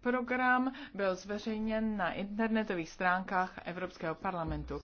Program byl zveřejněn na internetových stránkách Evropského parlamentu.